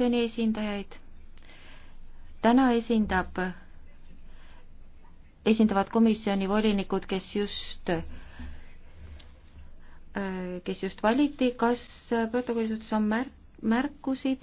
fraktsiooni esindajaid. täna esindab, esindavad komisjoni volinikud, kes just, kes just valiti. kas protokollis on märk-, märkusid?